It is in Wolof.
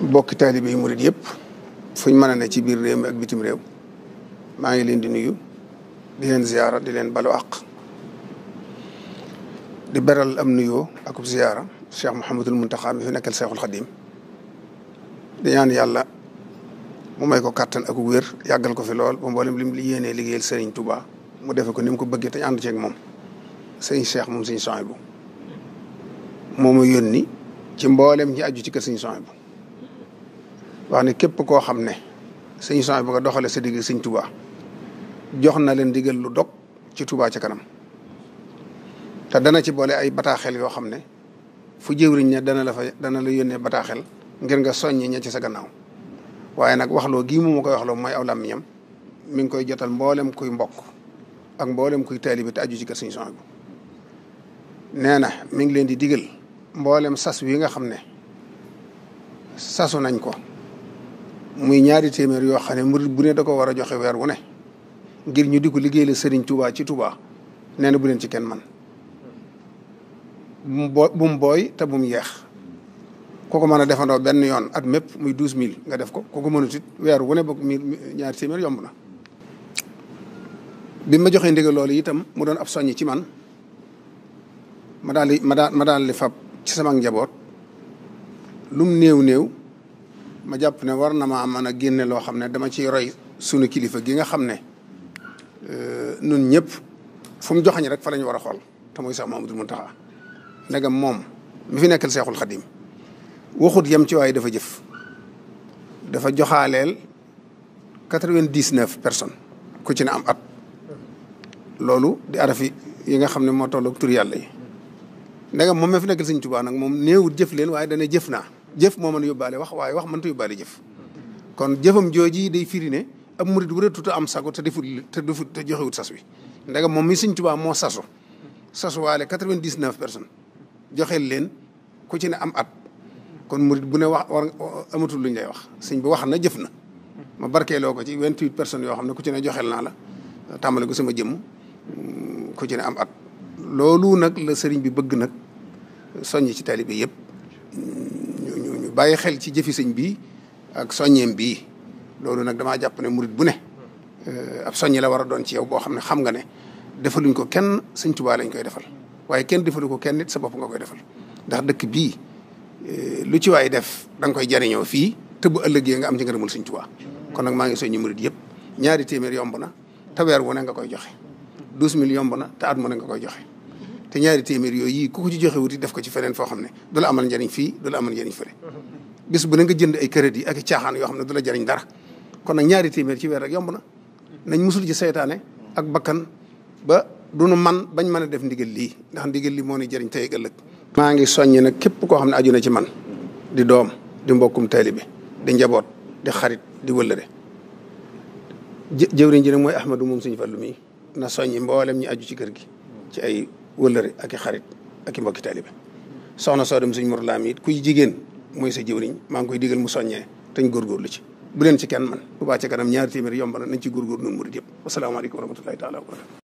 bokki taalibe yi murit yëpp fuñ mën a ne ci biir réew mi ak bitim réew maa ngi leen di nuyu di leen ziyaara di leen balu àq di beral am nuyoo ak ziyaara Cheikh Mouhamadul Muntaxa mi fi nekkal Cheikhul khadim di ñaan yàlla mu may ko kàttan ak wér yàggal ko fi lool ba mboolem lim li yéenee liggéeyal Serigne Touba mu defe ko ni mu ko bëggee te ñu ànd ceeg moom sëñ Cheikh moom sëñ Souhaïbou moo ma yónni ci mboolem ñi aju ci kër sëñ Souhaïbou wax ne képp koo xam ne sëñ Usmaan bi nga doxalee sa digg sëñ Tuubaa jox na leen digal lu dog ci Tuubaa ci kanam te dana ci boole ay bataaxel yoo xam ne fu jëwriñ ne dana la fa dana la yónnee bataaxel ngir nga soññi ña ci sa gannaaw waaye nag waxloo gii mu ma koy waxloo mooy aw làmmiñam mi ngi koy jotal mboolem kuy mbokk ak mboolem kuy taalibe te aju ci kër sëñ Usmaan bi nee na mi ngi leen di diggal mboolem sas wi nga xam ne sasu nañ ko muy ñaari téeméer yoo xam ne murit bu ne da ko war a joxe weer wu ne ngir ñu di ko liggéey la sëriñ tubaa ci tubaa nee na bu leen ci kenn man bu mu booy te bu mu yeex ku ko mën a defandoo benn yoon at mépp muy douze mille nga def ko ku ko mënut it weer wu ne boog mi ñaari téeméer yomb na bi ma joxee ndigal loolu itam mu doon ab soññi ci man ma daal di ma daal di fab ci sama njaboot lum néew néew ma jàpp ne war na am mën a génne loo xam ne dama ciy roy sunu kilifa gi nga xam ne nun euh, ñëpp fu mu joxañ rek fa la ñu war a xool te muy sax Mamadou Mountakha ndegam moom mi fi nekkal seexul xadim waxut yem ci waaye dafa jëf dafa joxaaleel quatre vingt personnes ku ci am at loolu di arafi yi nga xam ne moo tolloog moom mi fi nekkal sëñ Tuubaa nag moom néewut jëf leen waaye dana jëf naa jëf moo mën a yóbbaale wax waaye wax mënta yóbbaale jëf kon jëfam jooji day firi ne ab murid wëratuta am sago te defut te defut te joxewut sas wi ndegam moom mi Sëñ Tuubaa moo saso sasu sasuwaale quatre-vingt-dix-neuf personnes joxeel leen ku am at kon murid bu ne wax amatul lu ñu wax sëñ bi wax na jëf na ma barkeeloo ko ci vingt-huit personnes yoo xam ne ku ci ne joxeel tàmbale ko sama jëmm mm, ku am at loolu nag la sëriñ bi bëgg nag soññ ci taalibe yëpp bàyyi xel ci jëfi sëñ bi ak soññeem bi loolu nag damaa jàpp ne murit bu ne eh, ab soññi la war a doon ci yow boo xam ne xam nga ne defaluñ ko kenn sëñ Tuubaa lañ koy defal waaye kenn defalu ko kenn sa bopp nga koy defal ndax dëkk bii eh, lu ci waay def da nga koy jariñoo fii te bu ëllëgee nga am ci ngërëmul sëñ Tuubaa kon nag maa ngi soññi murit yëpp ñaari téeméer yomb na te weer wu ne nga koy joxe douze mille yomb na te at mu nga koy joxe te ñaari téeméer yooyu yii ku ko ci joxe wuti def ko ci feneen foo xam ne du la amal njëriñ fii du la amal njëriñ fële bis bu ne nga jënd ay crédit ak i caaxaan yoo xam ne du la jëriñ dara kon nag ñaari téeméer ci weer rek yomb na nañ musul ci seytaane ak bakkan ba duñu man bañ mën a def ndigal lii ndax ndigal lii moo ni jëriñ tey ëllëg maa ngi soññ nag képp koo xam ne aju na ci man di doom di mbokkum taalibe di njaboot di xarit di wëllëre jëwriñ ji nag mooy Ahmadu moom suñu fàllu mii na soññi mboolem ñu aju ci kër gi ci ay wëllëre ak i xarit ak mbokki taalibe soxna soo dem suñ morlaam it kuy jigéen mooy sa jëwriñ maa ngi koy digal mu soññee tañ góorgóorlu ci bu leen ci kenn man bu baa ci kanam ñaari téeméer yomb na nañ ci góorgóor noonu murid yëpp wasalaamaaleykum wa rahmatullahi taala wa barakatu